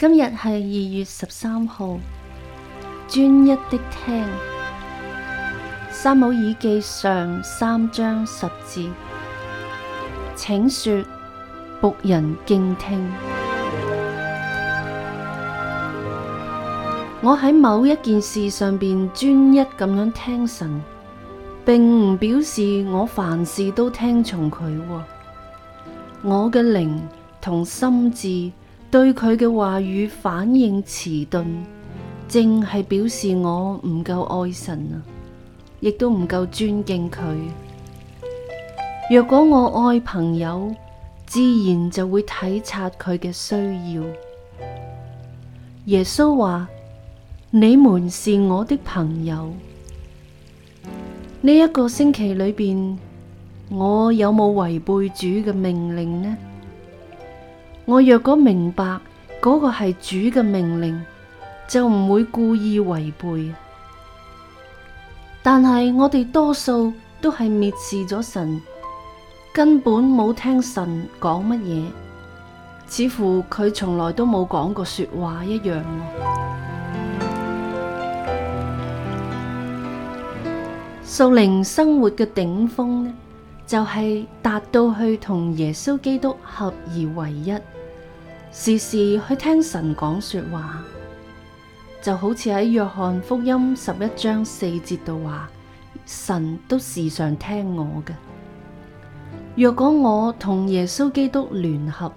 今日係二月十三號，專一的聽《撒母耳記上》三章十字，請說，僕人敬聽。 我喺某一件事上邊專一咁樣聽神，並唔表示我凡事都聽從佢，哦。我嘅靈同心智，對佢嘅話語反應遲鈍，正係表示我唔夠愛神，亦都唔夠尊敬佢。若果我愛朋友，自然就會體察佢嘅需要。耶穌話：你們是我的朋友。呢一個星期裏邊，我有冇違背主嘅命令呢？我若果明白嗰、那個係主嘅命令，就唔會故意違背。但係我哋多數都係蔑視咗神，根本冇聽神講乜嘢，似乎佢從來都冇講過說話一樣。屬靈生活嘅頂峰呢，就係、是、達到去同耶穌基督合而為一。時時去聽神講說話，就好似喺約翰福音十一章四節度話，神都時常聽我嘅。若果我同耶穌基督聯合，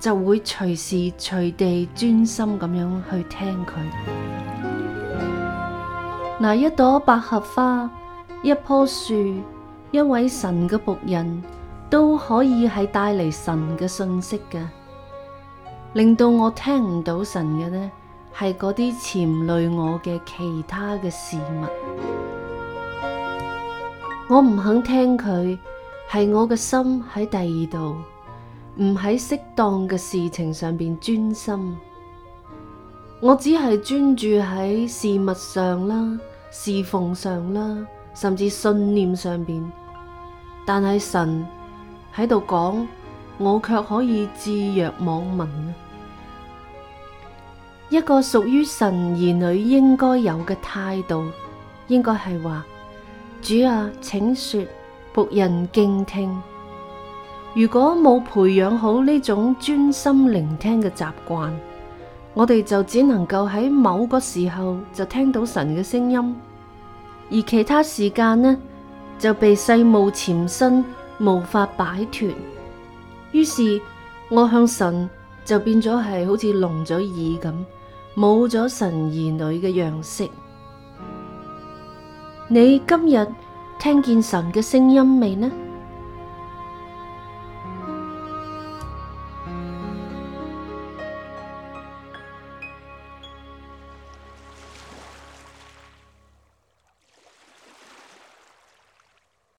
就會隨時隨地專心咁樣去聽佢。嗱，一朵百合花，一棵樹，一位神嘅僕人，都可以係帶嚟神嘅信息嘅。令到我聽唔到神嘅呢，係嗰啲纏累我嘅其他嘅事物。我唔肯聽佢，係我嘅心喺第二度，唔喺適當嘅事情上面專心。我只係專注喺事物上啦、侍奉上啦，甚至信念上邊。但係神喺度講，我卻可以置若罔聞。一個屬於神兒女應該有嘅態度，應該係話：主啊，請說，僕人敬聽。如果冇培養好呢種專心聆聽嘅習慣，我哋就只能夠喺某個時候就聽到神嘅聲音，而其他時間呢就被世務纏身，無法擺脫。於是我向神就變咗係好似聾咗耳咁。冇咗神兒女嘅樣式，你今日聽見神嘅聲音未呢？